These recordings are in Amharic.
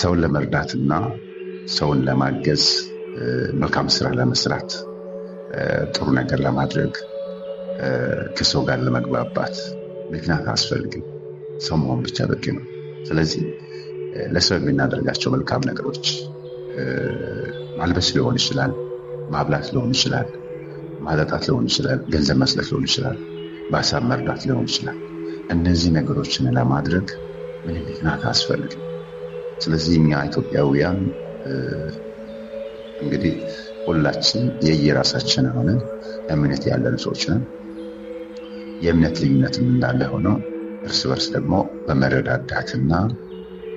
ሰውን ለመርዳትና ሰውን ለማገዝ መልካም ስራ ለመስራት ጥሩ ነገር ለማድረግ ከሰው ጋር ለመግባባት ምክንያት አያስፈልግም። ሰው መሆን ብቻ በቂ ነው። ስለዚህ ለሰው የምናደርጋቸው መልካም ነገሮች ማልበስ ሊሆን ይችላል፣ ማብላት ሊሆን ይችላል፣ ማጠጣት ሊሆን ይችላል፣ ገንዘብ መስጠት ሊሆን ይችላል፣ በሀሳብ መርዳት ሊሆን ይችላል። እነዚህ ነገሮችን ለማድረግ ምንም ምክንያት አያስፈልግም። ስለዚህ እኛ ኢትዮጵያውያን እንግዲህ ሁላችን የየራሳችን ሆነ እምነት ያለን ሰዎች ነን። የእምነት ልዩነትም እንዳለ ሆኖ እርስ በርስ ደግሞ በመረዳዳትና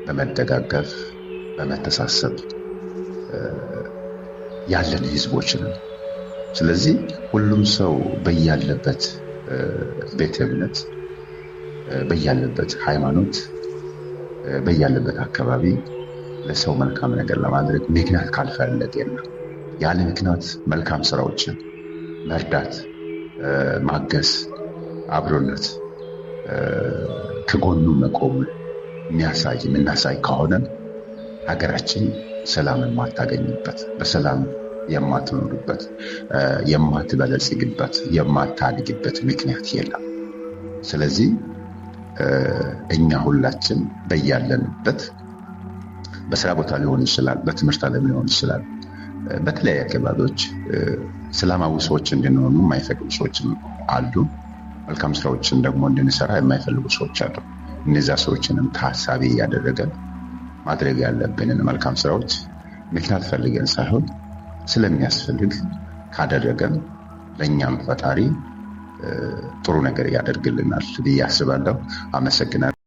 በመደጋገፍ በመተሳሰብ ያለን ህዝቦች ነን። ስለዚህ ሁሉም ሰው በያለበት ቤተ እምነት በያለበት ሃይማኖት በያለበት አካባቢ ለሰው መልካም ነገር ለማድረግ ምክንያት ካልፈለገ የለ ያለ ምክንያት መልካም ስራዎችን መርዳት፣ ማገዝ፣ አብሮነት ከጎኑ መቆም የሚያሳይ የምናሳይ ከሆነ ሀገራችን ሰላም የማታገኝበት በሰላም የማትኖርበት የማትበለጽግበት የማታድግበት ምክንያት የለም። ስለዚህ እኛ ሁላችን በያለንበት በስራ ቦታ ሊሆን ይችላል፣ በትምህርት ዓለም ሊሆን ይችላል፣ በተለያዩ አካባቢዎች ሰላማዊ ሰዎች እንድንሆኑ የማይፈቅዱ ሰዎች አሉ። መልካም ስራዎችን ደግሞ እንድንሰራ የማይፈልጉ ሰዎች አሉ። እነዚያ ሰዎችንም ታሳቢ እያደረገን ማድረግ ያለብንን መልካም ስራዎች ምክንያት ፈልገን ሳይሆን ስለሚያስፈልግ ካደረገን ለእኛም ፈጣሪ ጥሩ ነገር ያደርግልናል ብዬ አስባለሁ። አመሰግናለሁ።